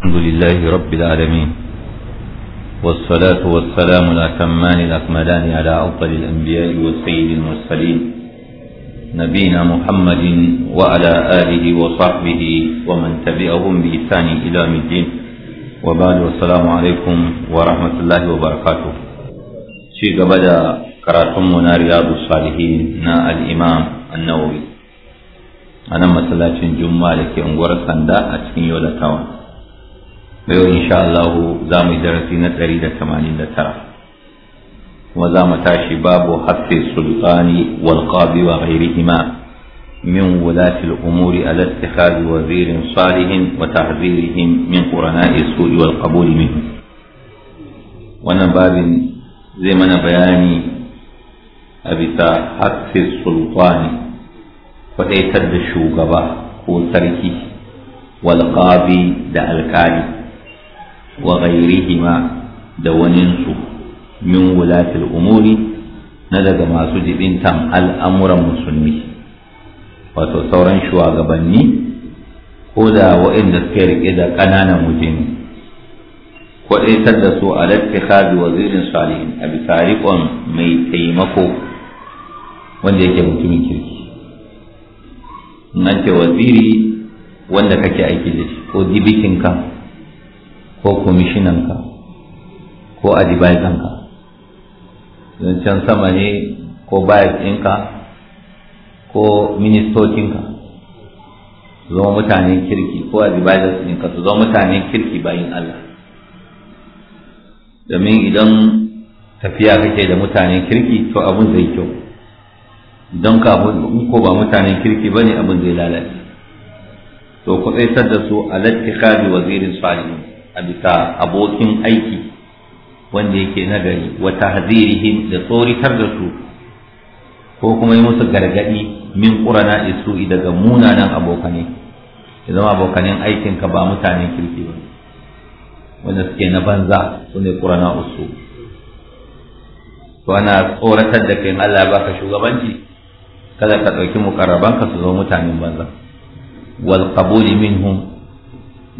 الحمد لله رب العالمين والصلاة والسلام الأتمان الأكملان على أفضل الأنبياء والسيد المرسلين نبينا محمد وعلى آله وصحبه ومن تبعهم بإحسان إلى الدين وبعد والسلام عليكم ورحمة الله وبركاته شيء بدأ كراتمنا رياض الصالحين نا الإمام النووي أنا مسلاة جمعة لكي أنور سندا أتكين يولا تاون ويو إن شاء الله زام درسي نتري دا تمانين دا ترى وزام تاشي باب حفظ السلطان والقاضي وغيرهما من ولاة الأمور على اتخاذ وزير صالح وتحذيرهم من قرناء السوء والقبول منهم وانا باب زي ما بياني أبتا حفظ السلطان وإيتد الشوقبة والتركي والقاضي دا الكاري wa ghairihima da waninsu min wulatil umuri na daga masu jibintan al'amuran musulmi wato sauran shugabanni ko da waɗanda suke riƙe da ƙananan mutane kwaɗaitar da su a lattikhadi wazirin salihin a bisa mai taimako wanda yake mutumin kirki in an waziri wanda kake aiki da shi ko dibikin kan ko kwamishinanka ko adibaizanka don can sama ne ko bayas ɗinka ko ministocinka su zama mutanen kirki ko adibaizas ɗinka su zama mutanen kirki bayan Allah domin idan tafiya kake da mutanen kirki to abun zai kyau don ka ko ba mutanen kirki ba ne abun zai lalace to ku tsaitar da su alattikabi wazirin salihin a bisa abokin aiki wanda yake nagari wa tahzirihim da tsoritar da su ko kuma yi musu gargaɗi min ƙurana isu daga munanan abokanai ya zama abokanin aikinka ba mutanen kirki ba wanda suke na banza su ne ƙurana usu to ana tsoratar da kai Allah ya baka shugabanci kada ka ɗauki mukarrabanka su zo mutanen banza wal min minhum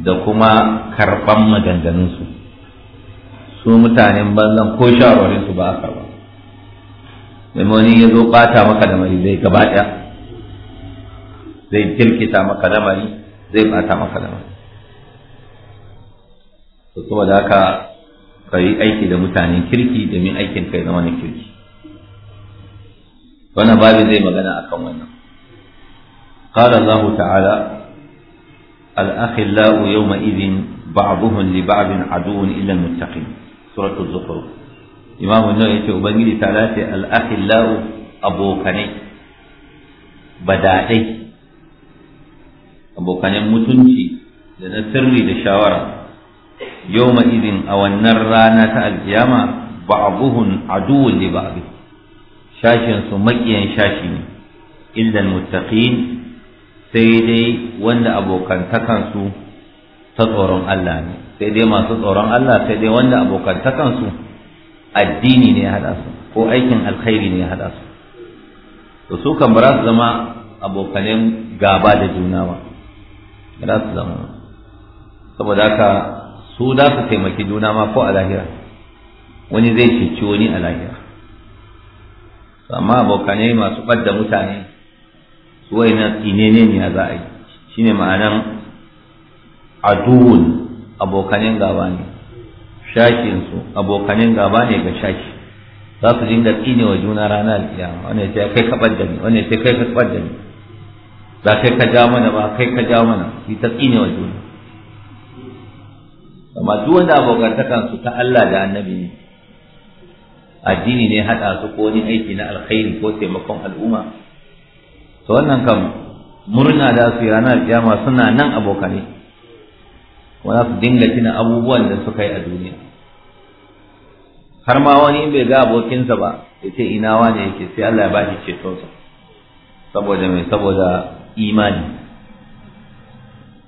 da kuma karɓan maganganunsu su mutanen banzan ko su ba a karɓa wani ya zo ɓata maka da mari zai gaba ɗaya zai kirkita maka da mari zai ɓata maka da mari to kuma da haka ka yi aiki da mutanen kirki domin aikin kai zama na kirki wannan babu zai magana akan wannan قال الله تعالى الأخلاء يومئذ بعضهم لبعض عدو إلا المتقين سورة الزخرف إمام النووي وبنجي ثلاثة الأخلاء أبوكني بدائي أبوكني متنشي لنا سري لشاورة يومئذ أو النرانة القيامة بعضهم عدو لبعض شاشن سمكيا شاشن إلا المتقين sai dai wanda abokantakansu ta tsoron Allah ne sai dai masu tsoron Allah sai dai wanda abokantakansu addini ne ya haɗa su ko aikin alkhairi ne ya haɗa su to su kan ba su zama abokanen gaba da juna ba ba su zama saboda haka su za su taimaki juna ma ko a lahira wani zai ceci wani a lahira amma abokanai masu ɓadda mutane wa'ina inene ne za a yi shine ma'anan aduwun abokanin gaba ne shashinsu abokanin gaba ne ga shashi za su dinga tsine wa juna rana alkiyama wannan sai kai ka da ni wannan sai kai kabar da ni za kai ka ja mana ba kai ka ja mana shi ta tsine wa juna amma duk wanda abokantakan su ta Allah da annabi ne addini ne hada su ko ni aiki na alkhairi ko taimakon al'umma to wannan kam murna da su yana ranar kiyama suna nan abokane kuma su dinga tuna abubuwan da suka yi a duniya har ma wani bai ga abokinsa ba ya ce ina wane yake sai Allah ya bashi cetonsa saboda mai saboda imani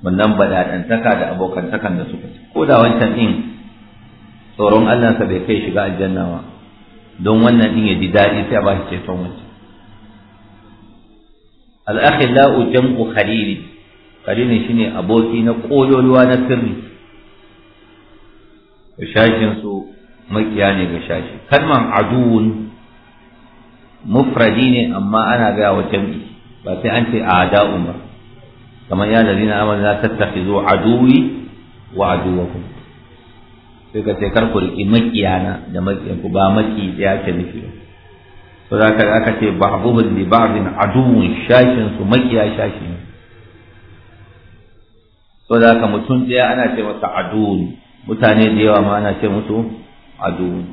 wannan baɗaɗantaka da abokantakan da suka ci ko da wancan ɗin tsoron Allah sa bai kai shiga aljanna ba don wannan ɗin ya ji daɗi sai a ba ceton wancan al-akhillau jam'u khalili khalili shine aboki na kololuwa na sirri shashin su makiya ne ga shashi kalman aduwun mufradi ne amma ana ga wa jam'i ba sai an ce a'da'un ba kamar ya ladina na la tattakhizu aduwi wa aduwakum sai ka ce kar ku riƙi makiyana da makiyanku ba maki ya ke nufi ba to za ka aka ce ba'dhum li ba'din aduwwun shashin su makiya shashi ne to za ka mutum ɗaya ana ce masa aduwwun mutane da yawa ma ana ce musu aduwwun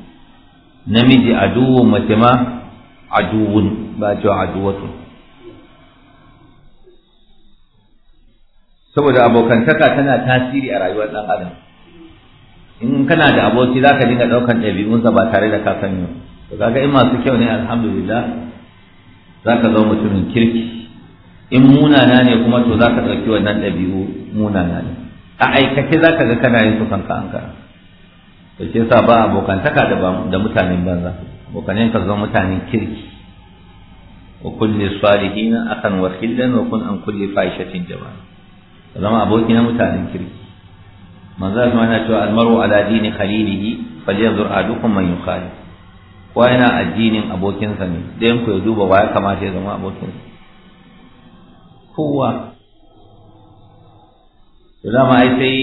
namiji aduwwun mace ma aduwwun ba cewa aduwwatun saboda abokantaka tana tasiri a rayuwar ɗan adam in kana da aboki za ka dinga ɗaukan ɗabi'unsa ba tare da ka sani ba to kaga in masu kyau ne alhamdulillah za ka zama mutumin kirki in munana ne kuma to za ka ɗauki wannan ɗabi'u munana ne a aikace za ka ga kana yin su kanka an kara to shi yasa ba abokantaka da da mutanen banza abokanen ka zama mutanen kirki wa kulli salihina akan wa khillan wa kun an kulli fahishatin jama'a Ka zama aboki na mutanen kirki manzo ma yana cewa almaru ala dini khalilihi falyanzur ahadukum man yukhalif ko yana addinin abokinsa ne ɗayan ku ya duba wa ya kamata ya zama abokinsa kowa to dama ai sai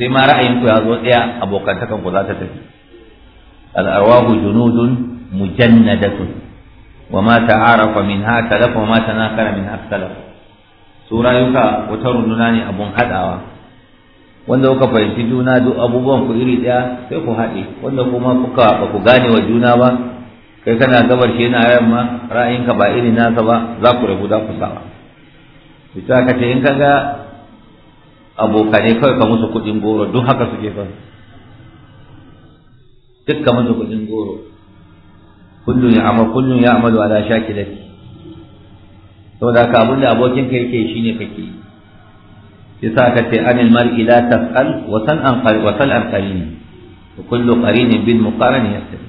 sai ma ra'ayin ku ya zo ɗaya abokantakan ku za ta tafi al'arwahu junudun mujannadatun wa ma ta'arafa ha talaf wa ma tanakara min talaf su rayuka wata runduna ne abun haɗawa? wanda kuka fahimci juna duk abubuwan ku iri ɗaya sai ku haɗe wanda kuma kuka ba ku gane wa juna ba kai kana gabar shi yana yamma ra'ayinka ba iri nasa ba za ku rabu za ku sama ita ka ce in ka ga abokanai kawai ka musu kuɗin goro duk haka suke ba duk ka musu kuɗin goro kullum ya amal kullum ya amalu ala shakilati saboda ka abinda ka yake shine kake yi yasa aka ce anil mar'i la tas'al wa san an qari wa sal an wa kullu qarin bil muqaran yasir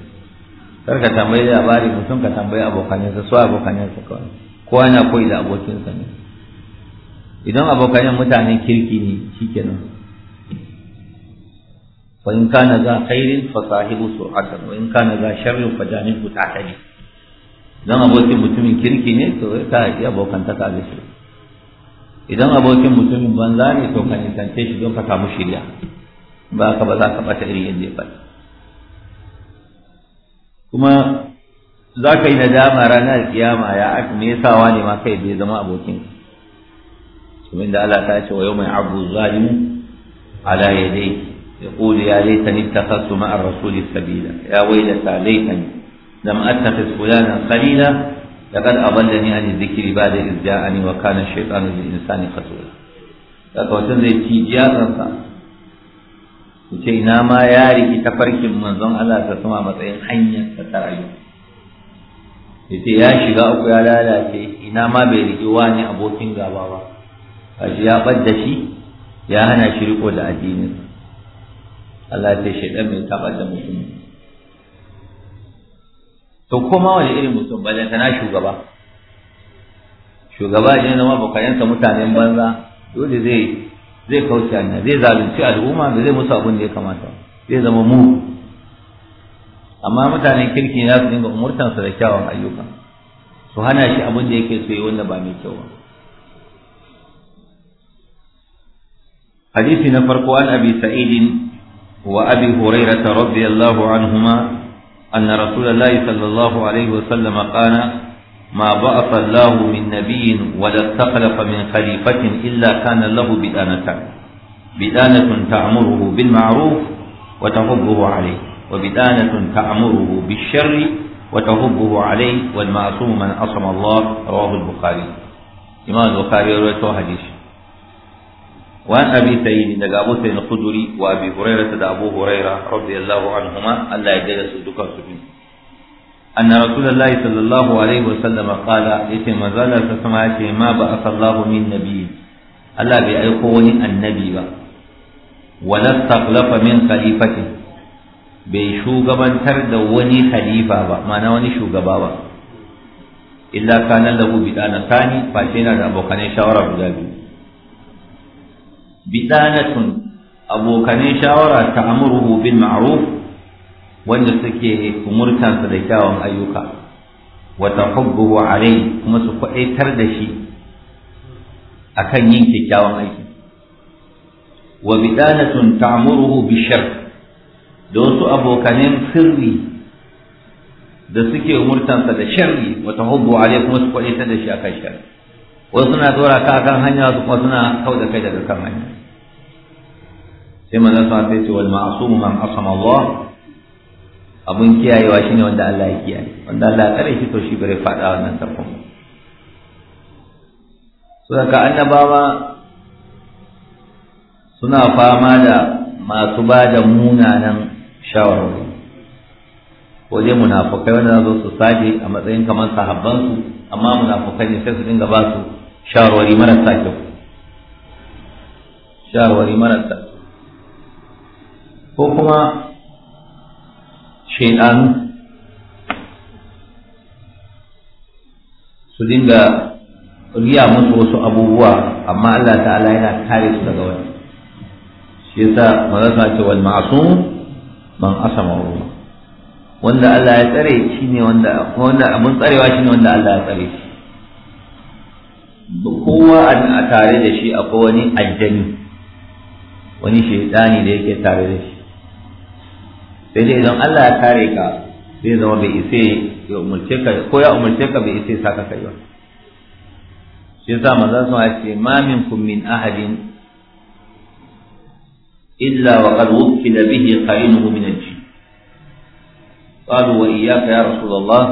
kar ka tambayi labari mutum ka tambayi so su sa kawai kowa yana koyi da abokinsa ne idan abokan mutanen kirki ne shikenan wa in kana za khairin fa sahibu su'atan wa in kana za sharrin fa janibu ta'ali dan abokin mutumin kirki ne to ka abokan ta ka shi idan abokin mutumin banza ne to ka nisance shi don ka samu shirya ba ka ba za ka bata iri yadda ya faɗi kuma za ka yi nadama ranar kiyama ya aka me yasa wani ma kai bai zama abokin kuma inda Allah ta ce wa yau mai abu zalimu ala yadai ma'ar rasuli sabila ya wai da سبيلا يا ويلتى ليتني لم اتخذ فلانا kalila laqad aballani an dhikri ba'da iz ja'ani wa kana shaytanu lil insani kaso daga wata zai ci jiyansa ce ina ma ya riki farkin manzon Allah ta sama matsayin hanyar ta rayu ce ya shiga uku ya lalace ina ma bai riki wani abokin gaba ba kashi ya badda shi ya hana shi riko da addinin Allah ya ce shaytan mai tabbata mutum to ma wani irin mutum ba na shugaba shugaba ne zama bukayensa mutanen banza dole zai zai kauce zai zalunci al'umma da zai musu abin da ya kamata zai zama mu amma mutanen kirki na su dinga umurtansa da kyawun ayyuka su hana shi abin da yake so yi wanda ba mai kyau ba حديث نفرق عن أبي سعيد وأبي هريرة رضي الله عنهما أن رسول الله صلى الله عليه وسلم قال ما بعث الله من نبي ولا استخلف من خليفة إلا كان له بدانة بدانة تأمره بالمعروف وتهبه عليه وبدانة تأمره بالشر وتهبه عليه والمعصوم من عصم الله رواه البخاري إمام البخاري رواه حديث وعن أبي سعيد دقى أبو سعيد الخدري وأبي هريرة دقى أبو هريرة رضي الله عنهما ألا يجلس دكا سبين أن رسول الله صلى الله عليه وسلم قال يتم ذلك سمعت ما بعث الله من نبي ألا بأيقوني النبي با ولا استخلف من خليفته bai shugabantar da wani khalifa ba ma'ana wani shugaba ba illa kana lahu bidana tani fa sai yana da abokan shawara guda biyu bidanatun abokanin shawara ta amuruhu bil ma'ruf wanda suke umurtansa da kyawun ayyuka wa tahubbuhu alayhi kuma su kwaɗaitar da shi akan yin kyakkyawan aiki wa bidanatun ta'muruhu bishar da wasu abokanin sirri da suke umurtansa da sharri wa tahubbu alayhi kuma su kwaɗaitar da shi akan sharri wasu suna dora ka kan hanya su kuma suna kauda kai daga kan hanya sai manzon sa sai ce wal ma'sum man asama Allah abun kiyayewa shine wanda Allah ya kiyaye wanda Allah ya kare shi to shi bare fada wannan tarkon so daga annabawa suna fama da masu ba da munanan shawarwari ko dai munafukai wanda zo su saje a matsayin kamar sahabbansu amma munafukai ne sai su dinga ba su shawarwari marasa kyau shawarwari marasa ko kuma shaidan su dinga riya musu wasu abubuwa amma Allah ta'ala yana kare su daga wani shi yasa manasa ce wal masu man asama ruwa wanda Allah ya tsare shi ne wanda wanda abun tsarewa shi ne wanda Allah ya tsare shi kowa a tare da shi akwai wani aljani wani shaidani da yake tare da shi sai dai idan Allah ya kare ka zai zama bai ise ya umarce ka ko ya umarce ka bai ise saka kai ba shi yasa manzon sa ce ma minkum min ahadin illa wa qad wukkila bihi qainuhu min al-jinn قالوا وإياك يا رسول الله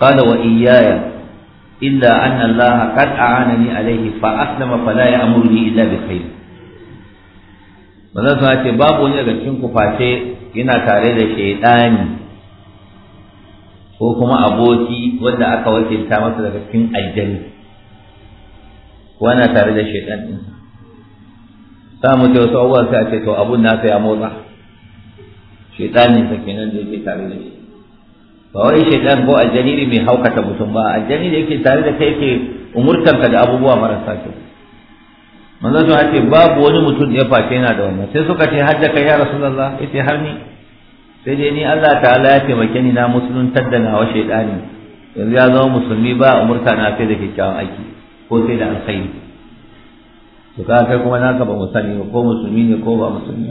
قال وإياي إلا أن الله قد أعانني عليه فأسلم فلا illa إلا بخير manzon sa ce babu wani daga cikin ku face yana tare da shaidani ko kuma aboki wanda aka wakilta masa daga cikin aljanna ko yana tare da shaidani ɗinsa sa mu ce wasu abubuwan sai a ce to abun sai ya motsa shaidani sa kenan da yake tare da shi ba wai shaidan ko aljanni ne mai haukata mutum ba aljanni da yake tare da kai ke umurtanka da abubuwa marasa kyau manzo sun ce babu wani mutum ya face yana da wannan sai suka ce hajja kai ya rasulullah yace har ni sai dai ni Allah ta'ala ya taimake ni na tadda na wa shaydani yanzu ya zama musulmi ba umurta na sai da kyakkyawan aiki ko sai da alkhairi to ka kai kuma na ka ba sani ko musulmi ne ko ba musulmi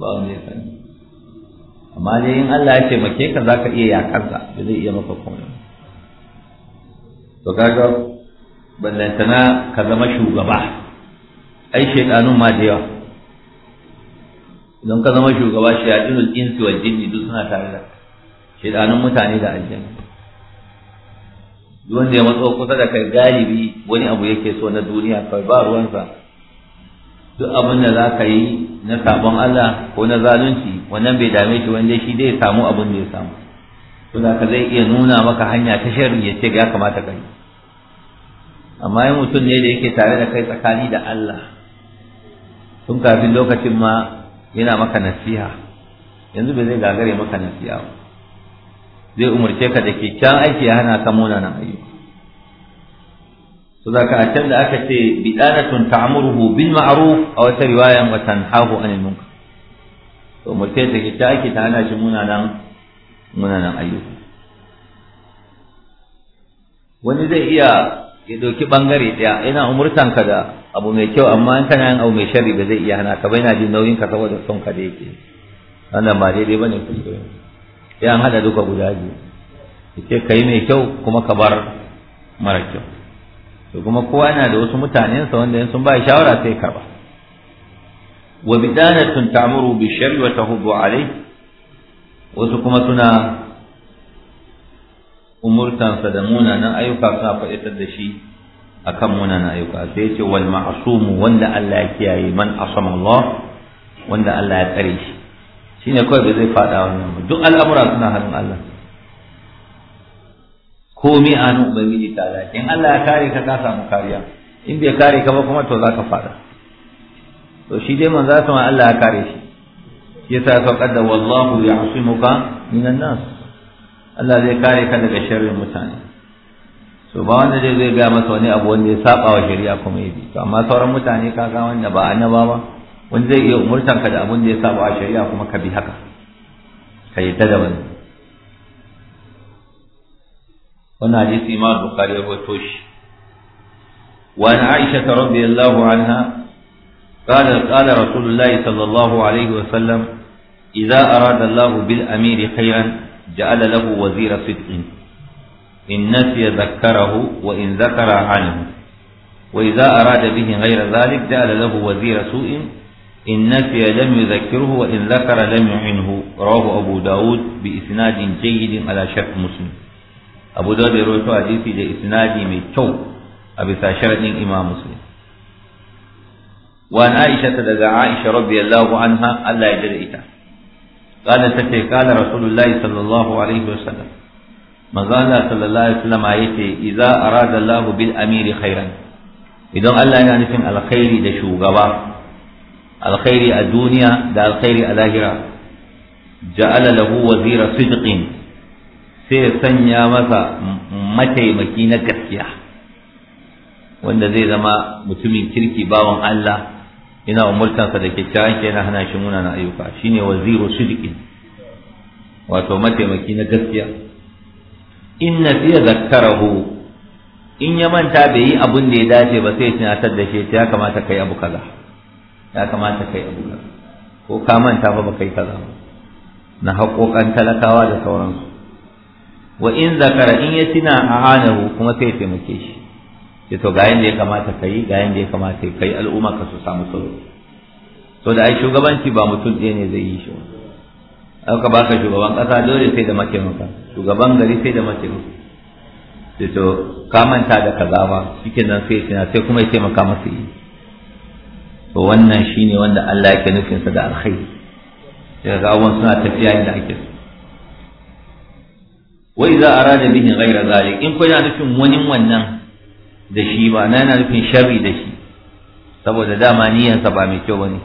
ba wanda ya sani amma dai in Allah ya taimake ka zaka iya yakarsa ba zai iya maka komai to kaga ballantana ka zama shugaba ai shaidanun ma da yawa idan ka zama shugaba shayatinul insi wal jinni duk suna tare da shaidanun mutane da aljanna duk wanda ya matso kusa da kai galibi wani abu yake so na duniya kawai ba ruwansa duk abin da za ka yi na sabon Allah ko na zalunci wannan bai dame shi wanda shi dai samu abin da ya samu to da ka zai iya nuna maka hanya ta sharri ya ce ga kamata kai amma yin mutum ne da yake tare da kai tsakani da Allah tun kafin lokacin ma yana maka nasiha yanzu bai zai gagare maka nasiha ba zai umarce ka da kyakkyawan aiki ya hana ka munanan ayyuka so zaka a can da aka ce bidanatun ta'muruhu bil ma'ruf a wata riwayan wa tanhahu anil munkar to umarce da kyakkyawan aiki ta hana shi munanan nan ayyuka wani zai iya ya ɗauki ɓangare ɗaya yana umurtanka da abu mai kyau amma in kana yin abu mai sharri ba zai iya hana ka bai na jin nauyin ka saboda son ka da yake wannan ba daidai bane kuskure sai an hada duka guda biyu ka kai mai kyau kuma ka bar mara kyau to kuma kowa yana da wasu mutanensa wanda in sun ba shawara sai ba wa bidanatun ta'muru bi sharri wa tahubu alai wasu kuma suna umurtansa da munanan ayyuka suna faɗitar da shi akan munanan ayyuka sai yace wal ma'sumu wanda Allah ya kiyaye man asama Allah wanda Allah ya tsare shi shine kawai bai zai fada wannan ba duk al'amura suna hannun Allah komai a hannun ubangiji ta in Allah ya kare ka ka samu kariya in bai kare ka ba kuma to zaka fada to shi dai manzo sama Allah ya kare shi yasa ka kadda wallahu ya'simuka minan nas Allah zai kare ka daga sharrin mutane so ba wanda zai zai gaya masa wani abu wanda ya saba wa shari'a kuma ya bi to amma sauran mutane ka ga wanda ba annaba ba wanda zai iya umurtan ka da abun da ya saba wa shari'a kuma ka bi haka ka yi ta da wani wannan hadisi imam bukhari ya rawaito shi وعن Aisha ta الله عنها قال قال رسول الله صلى الله عليه وسلم إذا أراد الله بالأمير خيرا جعل له وزير صدق إن نسي ذكره وإن ذكر عنه وإذا أراد به غير ذلك جعل له وزير سوء إن نسي لم يذكره وإن ذكر لم يعنه رواه أبو داود بإسناد جيد على شرط مسلم أبو داود يروي حديثي بإسناد من تو أبي ساشر إمام مسلم وأن عائشة دقى عائشة رضي الله عنها ألا يجد إتا قال قال رسول الله صلى الله عليه وسلم manzala sallallahu alaihi wasallam yace idza arada Allah bil amiri khairan idan Allah yana nufin alkhairi da shugaba alkhairi a duniya da alkhairi a lahira ja'ala lahu wazira sidqin sai ya sanya masa mataimaki na gaskiya wanda zai zama mutumin kirki bawan Allah ina umurtansa da kyakkyawan ke na hana shi munana ayyuka shine waziru sidqin wato mataimaki na gaskiya in na nasiya zakkarahu in ya manta bai yi abun da ya dace ba sai tunatar da shi ya kamata kai abu kaza ya kamata kai abu kaza ko ka manta ba kai kaza ba na haƙoƙan talakawa da sauransu wa in zakara in ya tuna a hanahu kuma sai ya taimake shi ya to ga yanda ya kamata ka yi, ga yanda ya kamata kai al'umma ka su samu tsaro to da ai shugabanci ba mutum ɗaya ne zai yi shi ba an ka baka shugaban kasa dole sai da maka. shugaban gari sai da maka sai to ka manta da kaza ba nan sai tana sai kuma ya taimaka masa yi to wannan shine wanda Allah yake nufin sa da alkhairi sai ga abubuwan suna tafiya inda ake wa idza arada bihi ghayra zalik in ko yana nufin wani wannan da shi ba na yana nufin sharri da shi saboda dama sa ba mai kyau bane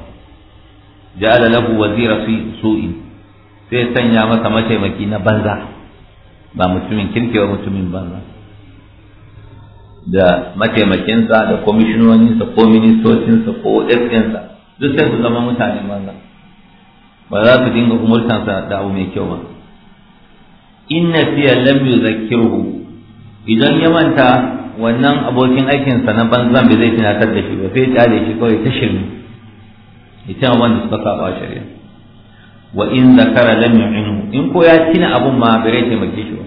ja'ala lahu wazira fi su'in sai sanya masa mataimaki na banza ba mutumin kirki ba mutumin banza da mataimakinsa da kwamishinoninsa ko ministocinsa ko ɗinsa duk sai su zama mutane banza ba za su dinga umurtansa da abu mai kyau ba inna fiya lam Zakiru, idan ya manta wannan abokin aikinsa na banzan bai zai tunatar da shi ba sai ya tsare shi kawai ta shirme ita wanda suka saba shari'a wa in zakara lam yu'inhu in ko ya tina abun ma bare taimake shi ba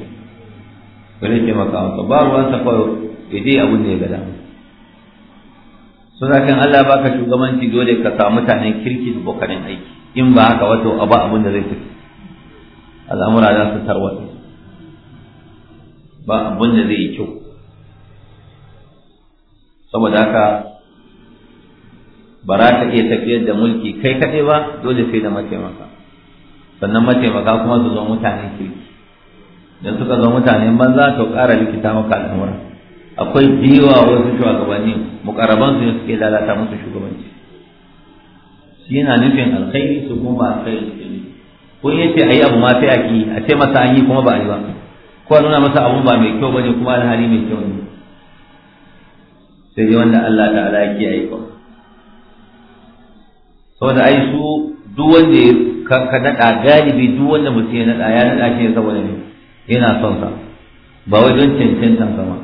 bare maka masa ba ruwan sa kawai ya abun da ya ga dama kan Allah baka shugabanci dole ka samu mutanen kirki da bokarin aiki in ba haka wato abu abun da zai tafi al'amura za su tarwata ba abun da zai yi kyau saboda haka ba za ka iya tafiyar da mulki kai kaɗai ba dole sai da mataimaka sannan mataimaka kuma su zo mutane kirki da suka zo mutane banza to ƙara likita maka al'amura akwai biyuwa wasu shugabanni mukaraban su ne suke lalata musu shugabanci shi yana nufin alkhairi su kuma ba alkhairi suke ne. ko in a ayi abu ma sai a ki a ce masa an yi kuma ba a yi ba ko a nuna masa abun ba mai kyau ba ne kuma alhali mai kyau ne sai dai wanda Allah ta'ala ya kiyaye ko saboda ai su duk wanda ya ka naɗa galibi duk wanda mutum ya naɗa ya naɗa shi saboda ne yana son sa ba wai don cancantan sama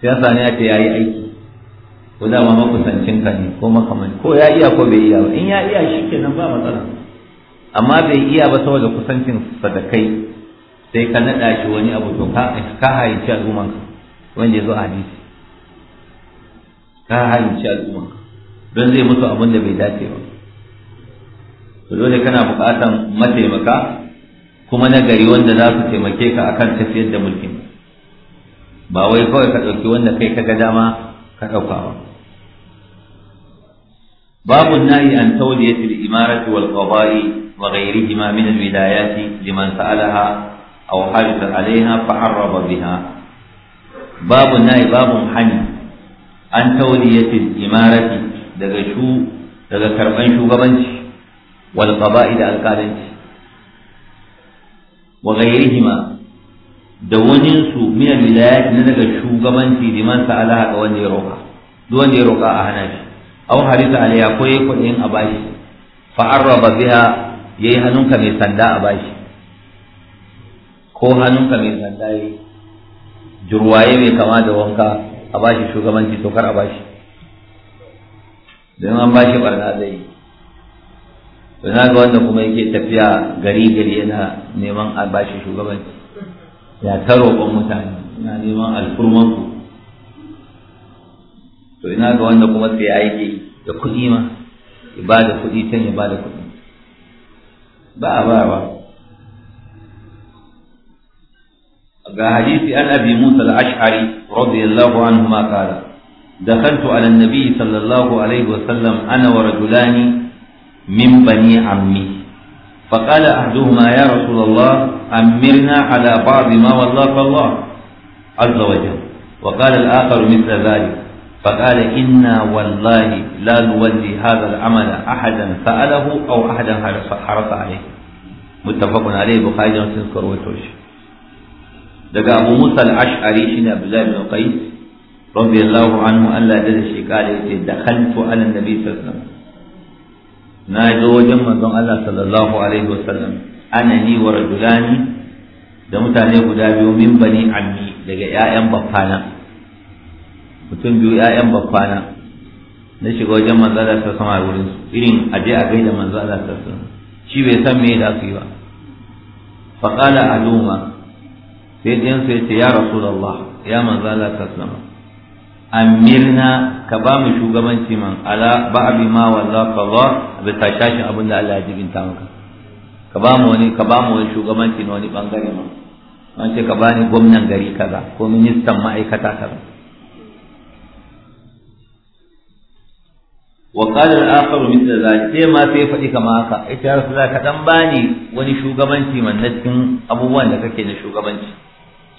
sai yasa ne ya yayi yi aiki ko dama makusancin ka ne ko makaman ko ya iya ko bai iya ba in ya iya shi kenan ba matsala amma bai iya ba saboda kusancin sa da kai sai ka naɗa shi wani abu to ka ka haici al'umman wanda ya zo a hadisi ka haici al'umman don zai musu abin da bai dace ba to dole kana bukatan mataimaka kuma na gari wanda za su taimake ka akan tafiyar da mulkin ba wai kawai ka ɗauki wanda kai ka ga dama ka ɗauka ba babu nahi an tawliyatil imarati wal qada'i wa ghayrihima min al wilayati liman sa'alaha aw hajja alaiha fa harraba biha babu nahi babu hani an tawliyatil imarati daga shu daga karban shugabanci wal qaba'i da alƙalanci wa ghayrihima da wani su min al na daga shugabanci liman sa'alaha ga wanda ya roka duk wanda ya roka a hana shi aw harisa alayya ko yayi kudin a bashi fa arraba biha yayi hannunka mai sanda a bashi ko hannunka mai sanda yayi jurwaye mai kama da wanka a bashi shugabanci to kar a bashi don an bashi barna zai to na ga wanda kuma yake tafiya gari gari yana neman a bashi shugaban ya ta roƙon mutane yana neman alfurman ku to ina ga wanda kuma sai aiki da kuɗi ma ya ba da kuɗi can ya ba da kuɗi ba a ba ba ga hadisi an abi musa al-ash'ari radiyallahu anhu ma qala an-nabi sallallahu alayhi wa sallam ana wa rajulani min bani ammi فقال أحدهما يا رسول الله أمرنا على بعض ما وظف الله عز وجل وقال الآخر مثل ذلك فقال إنا والله لا نولي هذا العمل أحدا سأله أو أحدا حرص عليه متفق عليه بخاري ومسلم وتوش دقى أبو موسى الأشعري شين عبد الله بن قيس رضي الله عنه ألا تدري قال دخلت على النبي صلى الله عليه وسلم na zo wajen manzon Allah sallallahu alaihi wasallam ana ni wa rajulani da mutane guda biyu min bani ammi daga ƴaƴan baffana mutum biyu ƴaƴan baffana na shiga wajen manzon Allah sallallahu alaihi wasallam irin aje a gaida manzon Allah sallallahu alaihi wasallam shi bai san me da su yi ba fa qala aluma sai ɗayan sai ya ya rasulullah ya manzon Allah sallallahu alaihi wasallam amirna ka ba mu shugabanci man ala ba ba'abi ma walla qada bisa shashin abin da Allah ya jibinta maka ka ba mu wani ka ba mu wani shugabanci na wani bangare ma an ce ka ba ni gwamnan gari kaza ko ministan ma'aikata kaza wa qala al-akhar mithla dhalik sai ma sai faɗi kama haka ita ya rasulullah ka dan ni wani shugabanci man na cikin abubuwan da kake na shugabanci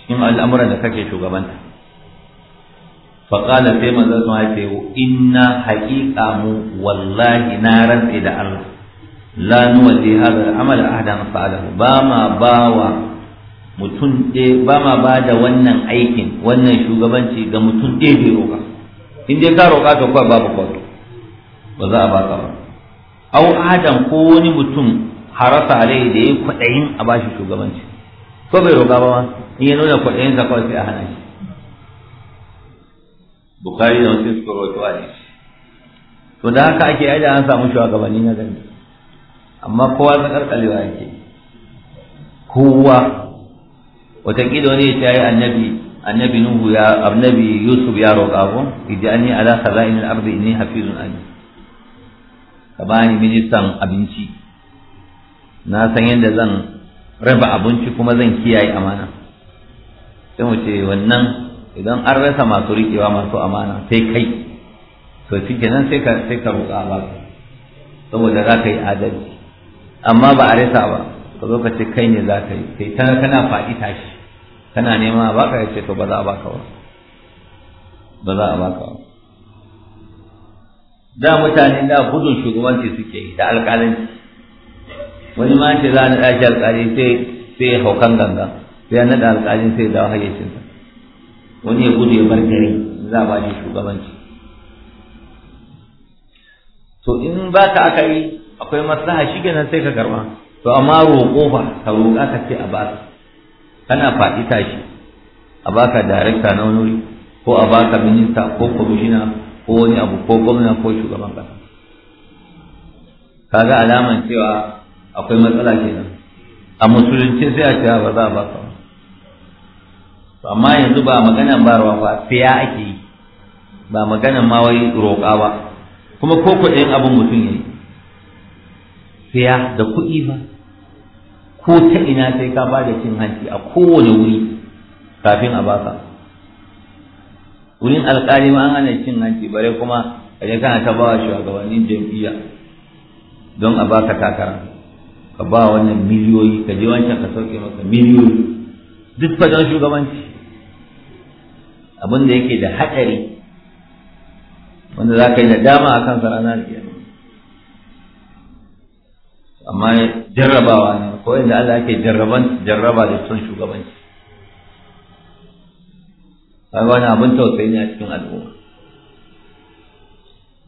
cikin al'amuran da kake shugabanta faƙala sai manzon sun haife inna haƙiƙa mu wallahi na rantse da Allah la nuwalli hadha al-amal ahadan fa'alahu ba ma bawa mutum ɗaya ba ma ba da wannan aikin wannan shugabanci ga mutum ɗaya bai roƙa in dai ka roƙa to kuwa babu kawai ba za a baka ba au Adam ko wani mutum harasa alai da ya yi kwaɗayin a bashi shugabanci ko bai roƙa ba ma in ya nuna kwaɗayin sa kawai sai a hana shi bukari da muslim suka rawaito hadisi to da haka ake aida an samu shugabanni na gani amma kowa karkalewa yake kowa watakila wani ya yi annabi annabi nuhu ya annabi yusuf ya roƙa ko ijani ala khazainil ardi inni hafizun alim ka bani ministan abinci na san yadda zan raba abinci kuma zan kiyaye amana sai mu ce wannan idan an rasa masu riƙewa masu amana sai kai to shi kenan sai ka sai ka roƙa ba saboda za ka yi adalci amma ba a rasa ba ka zo ka ce kai ne za ka yi kai ta kana faɗi tashi kana nema ba ka ya ce to ba za a baka ba ba za a baka ba da mutane da gudun shugabanci suke yi da alƙalanci wani ma ce za a naɗa shi alƙali sai sai haukan ganga sai a naɗa alƙalin sai dawo hayyacinsa wani ya gudu ya bar gari za a shi shugabanci to in ba ka aka yi akwai maslaha shi kenan sai ka karba to amma roƙo ba ka roƙa ka ce a ba ka kana faɗi tashi a ba ka darekta na wani wuri ko a ba ka minista ko kwamishina ko wani abu ko gwamna ko shugaban ƙasa kaga alaman cewa akwai matsala kenan a musulunci sai a ce ba za a ba ka amma yanzu ba maganan barwa ba saya ake yi ba maganan ma wai roƙa ba kuma ko kuɗin abin mutum ya yi da kuɗi ba ko ta ina sai ka ba da cin hanci a kowane wuri kafin a baka wurin alƙali ma an hana cin hanci bare kuma a kaje kana ta bawa shugabannin jam'iyya don a baka takara ka ba wannan miliyoyi ka je wancan ka sauke maka miliyoyi duk fadan shugabanci abin da yake da haɗari wanda za ka yi nadama a kansa ranar kiyama amma jarrabawa ne ko inda Allah ake jarraban jarraba da son shugabanci kaga wani abin tausayi ne a cikin al'umma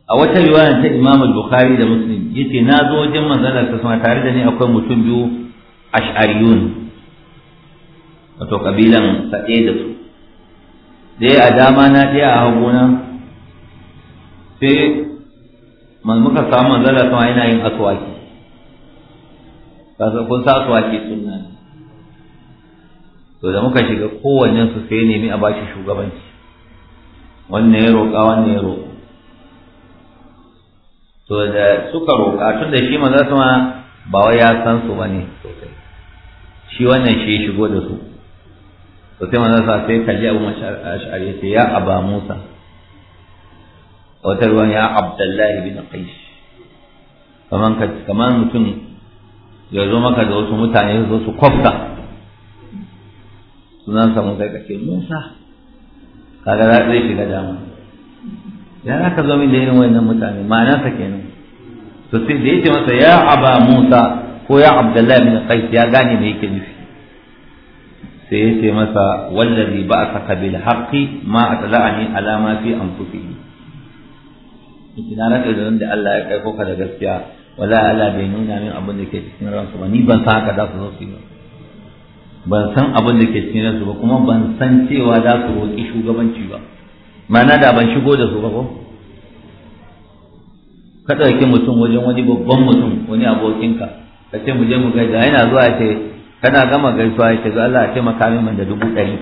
a wata riwaya ta Imam al-Bukhari da Muslim yace na zo wajen manzon Allah sallallahu tare da ni akwai mutum biyu ash'ariyun wato kabilan sa'e da su dai a dama na ɗaya a hagu na sai muka samu manzala sama yana yin aswaki kasa kun sa aswaki sunna ne to da muka shiga kowanne su sai nemi a bashi shugabanci wannan ya roƙa wannan ya roƙa to da suka roƙa tun da shi manzala sama ba wai ya san su bane sosai shi wannan shi shigo da su to sai manzon sa sai kalli Abu Musa Ash'ari sai ya Aba Musa wata ruwan ya Abdullahi bin Qais kaman ka kaman mutum ya zo maka da wasu mutane su su kwafta sunan sa Musa kace Musa kaga za zai shiga dama ya za ka zo min da irin wannan mutane ma'ana sa kenan to sai da yace masa ya Aba Musa ko ya Abdullahi bin Qais ya gane me yake nufi sai ya ce masa wallazi ba ka bil haqqi ma atla'ani ala ma fi anfusihi idan raka da wanda Allah ya kai ka da gaskiya wala Allah bai nuna min abin da ke cikin ransu ba ni ban san haka za su zo su yi ban san abin da ke cikin ransu ba kuma ban san cewa za su roƙi shugabanci ba ma'ana da ban shigo da su ba ko ka ɗauki mutum wajen wani babban mutum wani abokinka ka ce mu je mu gaida yana zuwa ce kana gama gaisuwa ya ce Allah ya taimaka min da dubu ɗari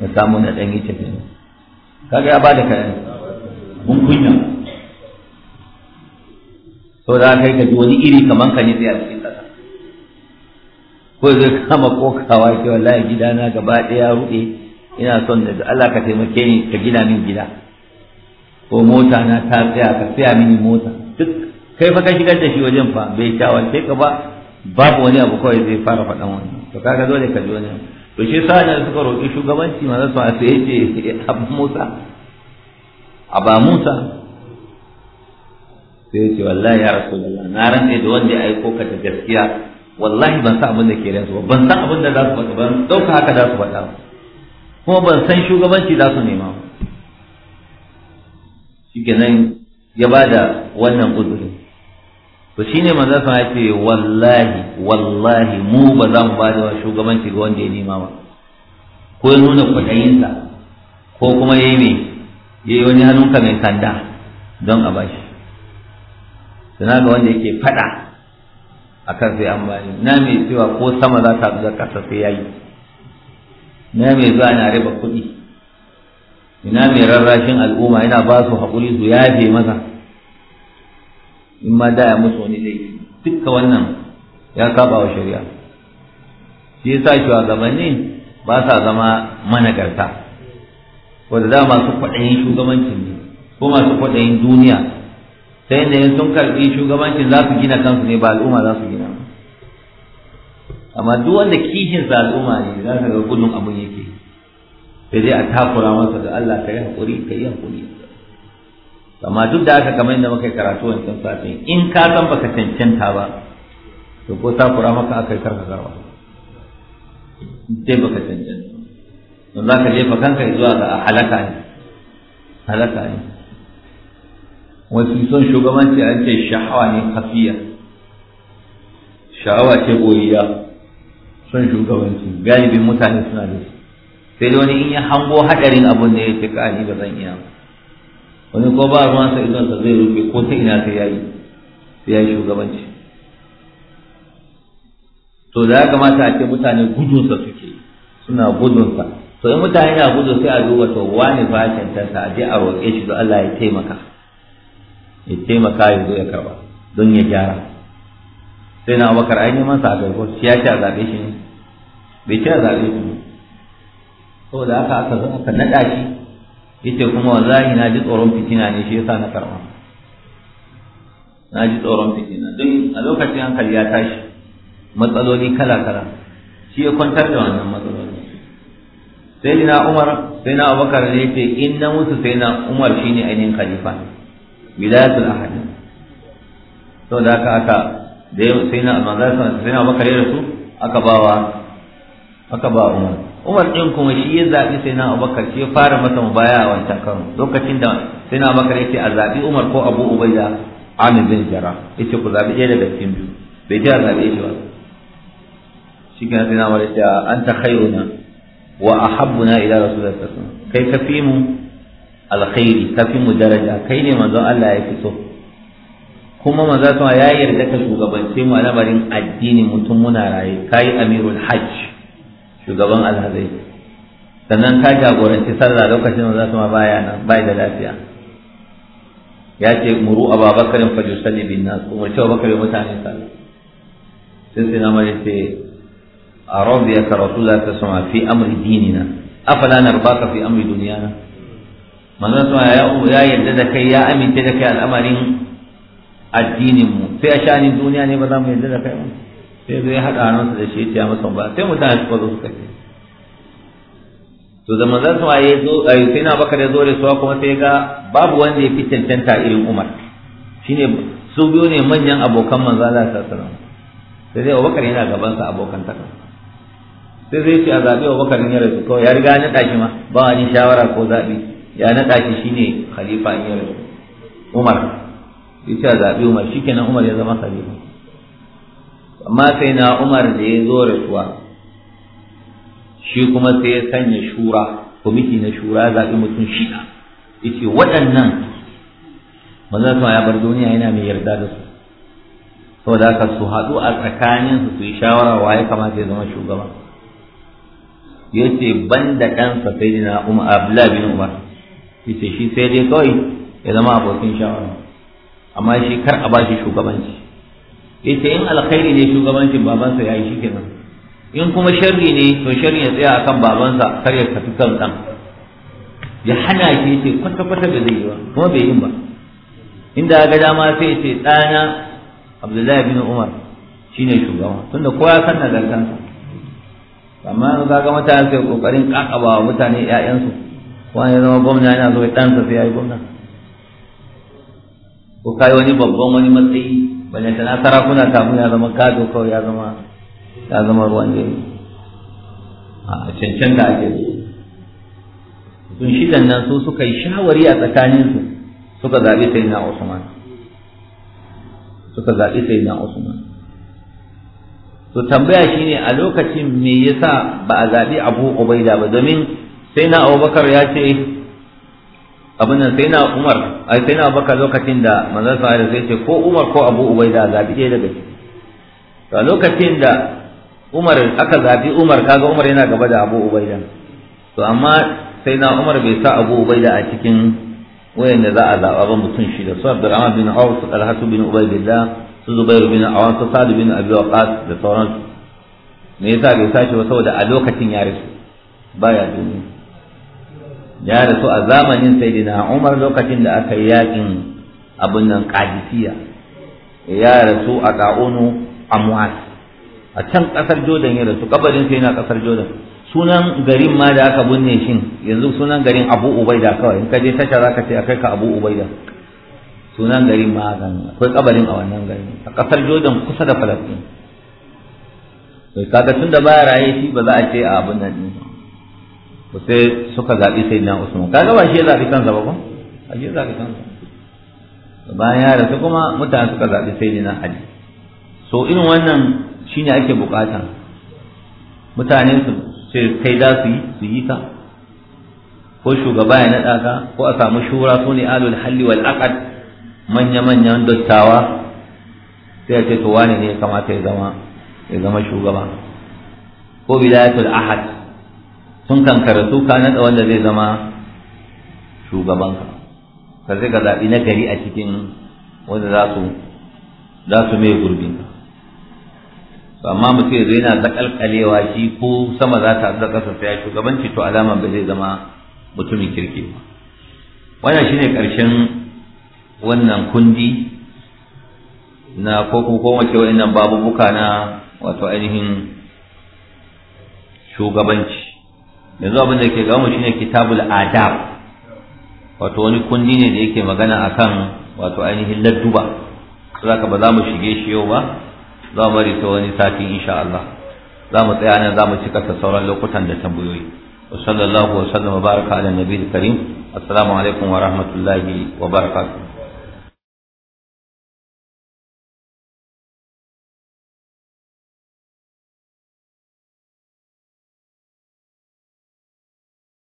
na samu na ɗan yake Ka kaga ya ba da kayan mun kunya to da kai ka ji wani iri kaman ka ne a cikin ƙasa ko zai kama kokawa ke, wallahi gidana gaba ɗaya ruɗe ina son da Allah ka taimake ni ka gina min gida ko mota na ta tsaya ka tsaya mini mota duk kai fa ka shigar da shi wajen fa bai sai ka ba babu wani abu kawai zai fara faɗan wani. to kaga dole ka ji wani to shi sa ne suka roƙi shugabanci zasu a sai yace abu Musa aba Musa sai yace wallahi ya rasulullah na rantsa da wanda ya aiko ka da gaskiya wallahi ban san abin da ke ransu ba ban san abin da za su faɗa ba dauka haka za su faɗa kuma ban san shugabanci za su nema nan ya bada wannan uzuri to shine manzo sa ya wallahi wallahi mu ba za mu da shugabanci ga wanda ya nima ba ko ya nuna kwaɗayinsa ko kuma ya yi mai wani yi wani mai sanda don a bashi sana ga wanda yake faɗa a kan sai an bani na mai cewa ko sama za ta zuwa ƙasa sai ya yi na mai zuwa na riba kuɗi ina mai rarrashin al'umma ina ba su haƙuri su yafe masa in ma da ya musu wani laifi dukka wannan ya saba wa shari'a shi yasa shugabanni ba sa zama managarta wanda da masu kwaɗayin shugabancin ne ko masu kwaɗayin duniya sai da sun karɓi shugabancin za su gina kansu ne ba al'umma za su gina amma duk wanda kishin sa al'umma ne za ka ga gudun abun yake sai dai a takura masa da Allah ka yi haƙuri ka yi haƙuri amma duk da aka kamar inda muka karatu wancan satin in ka san baka cancanta ba to ko ta kura maka aka yi karka zarwa sai baka cancanta don za ka jefa kanka zuwa ga halaka ne halaka ne wasu son shugabanci an ce sha'awa ne kafiya sha'awa ce goyiya son shugabanci galibin mutane suna da shi sai da wani in yi hango hadarin abun da ya ce ka ni ba zan iya ba wani ko ba ruwan sa idon sa zai rufe ko ta ina sai yayi sai yayi shugabanci to da ya kamata a ce mutane gudun sa suke suna gudun sa to in mutane na gudu sai a duba to wani fa cancanta a je a roƙe shi don Allah ya taimaka ya taimaka ya zo ya karba don ya gyara sai na abakar ai neman sa a garko shi ya ce a zaɓe shi ne bai ce a zaɓe shi ne saboda haka aka zo aka naɗa shi yace kuma wallahi na ji tsoron fitina ne shi yasa na karba na ji tsoron fitina don a lokacin hankali ya tashi matsaloli kala kala shi ya kwantar da wannan matsaloli sai na umar sai na abubakar ne yace in na musu sai na umar shine ainihin khalifa bidayatul ahad to da aka aka da sai na abubakar ya rasu aka bawa aka ba umar Umar din kuma shi ya zaɓi sai na Abubakar shi ya fara masa mubaya a wancan karo lokacin da sai na Abubakar yace a zaɓi Umar ko Abu Ubaida Amir bin Ya ce ku zaɓi ɗaya daga cikin biyu bai ce a zabe shi ba shi ga sai na an ta anta na, wa a ahabbuna ila rasulillahi sallallahu alaihi wasallam kai ka fi mu alkhairi ka fi mu daraja kai ne manzon Allah ya fi so kuma manzo ya yarda ka shugabance mu a lamarin addini mutum muna raye kai amirul hajj shugaban alhazai sannan ka jagoranci sallah lokacin da za su ma baya nan bai da lafiya ya ce muru a babakarin fajir salli bin kuma cewa bakarin mutane sallah sun sai namar ya ce a rabbi ya karatu za ta sama fi amri dinina afala ka fi amri duniyana manzon sama ya yarda da kai ya amince da kai al'amarin addininmu sai a shanin duniya ne ba za mu yarda da kai ba sai zai haɗa hannunsa da shi ya masa ba sai mutane su zo su kashe. to da manzon sa ya zo ayi sai na bakar ya zo da suwa kuma sai ga babu wanda ya fi cancanta irin Umar shine su biyu ne manyan abokan manzo Allah sallallahu alaihi sai dai Abubakar yana gaban sa abokan taka sai zai ce a zabi Abubakar ya rasu kawai ya riga ya naɗa shi ma ba wani shawara ko zaɓi ya naɗa shi shine khalifa in ya rasu Umar yace a zabi Umar shikenan Umar ya zama khalifa amma sai na umar da ya zo rasuwa shi kuma sai ya sanya shura kwamiti na shura zaɓi mutum shida yace waɗannan maza su ya bar duniya yana mai yarda da su saboda haka su haɗu a tsakaninsu su yi shawara wa ya kamata ya zama shugaba yace ban da ɗansa sai dina umar abdullah bin umar yace shi sai dai kawai ya zama abokin shawara amma shi kar a ba shi shugabanci yace in alkhairi ne shugabancin babansa yayi shikenan in kuma sharri ne to sharri ya tsaya akan babansa kar ya tafi kan dan ya hana shi yace kwata kwata ba zai yi ba kuma bai yi ba inda ga dama sai yace dana Abdullahi bin Umar shine shugaba tunda kowa san nagartansa amma ga ga mutane sai kokarin kakabawa mutane ƴaƴansu ya zama gwamna yana zo ɗansa sai ya yi gwamna ko kai wani babban wani matsayi balanta na kuna kafin ya zama gado kawai ya zama ya zama ruwan dare a cancan da ake so sun shidan nan su suka yi shawari a tsakaninsu suka zaɓi sai na usman suka zaɓi sai na usman to tambaya shine a lokacin me yasa ba a zaɓi abu ubaida ba domin sai na abubakar ya ce abin nan sai na umar ai sai na baka lokacin da manzon sa da sai ce ko umar ko abu ubaida zabi ɗaya daga ciki to a lokacin da umar aka zabi umar kaga umar yana gaba da abu ubaida to amma sai na umar bai sa abu ubaida a cikin wayanda za a zaɓa ba mutum da su abdurrahman bin Awar su talhatu bin ubaidillah su zubairu bin awan su sadu bin abi waqas da sauransu me yasa bai sashi ba saboda a lokacin ya rasu baya duniya ya rasu a zamanin sayyidina Umar lokacin da aka yi yakin abun nan Qadisiyya ya rasu a Ta'unu Amwas a can kasar Jordan ya rasu kabarin sai na kasar Jordan sunan garin ma da aka binne shin yanzu sunan garin Abu Ubaida kawai in ka je tasha za ka ce kai ka Abu Ubaida sunan garin ma kan akwai kabarin a wannan garin a kasar Jordan kusa da falastin to kaga tunda ba raye shi ba za a ce a abun nan sai suka zaɓi sai na usman ga ba shi ya zaɓi kansa ba ko a shi ya zaɓi kansa bayan ya rasu kuma mutane suka zaɓi sai na ali so irin wannan shi ne ake bukata mutane su ce kai za su yi su yi ka ko shugaba ya naɗa ka ko a samu shura su ne alul halli wal aqad manya manyan dattawa sai a ce to wane ne ya kamata ya zama ya zama shugaba ko bilayatul ahad sun kankara su ka nada wanda zai zama shugabanka ka zai ka zaɓi na gari a cikin wanda za su za su mai gurbinka to amma mutum yanzu yana zakalkalewa shi ko sama za ta zaka sa sai shugabanci to alama ba zai zama mutumin kirki ba wannan shine karshen wannan kundi na ko kuma ko wace babu na wato ainihin shugabanci yanzu abin da ke gamu shine kitabul adab wato wani kundi ne da yake magana akan wato ainihin ladduba ka ba za mu shige shi yau ba za mu bari ta wani sati insha Allah za mu tsaya nan za mu cika ta sauran lokutan da tambayoyi wa sallallahu wa sallama baraka ala nabiyil karim assalamu alaikum wa rahmatullahi wa barakatuh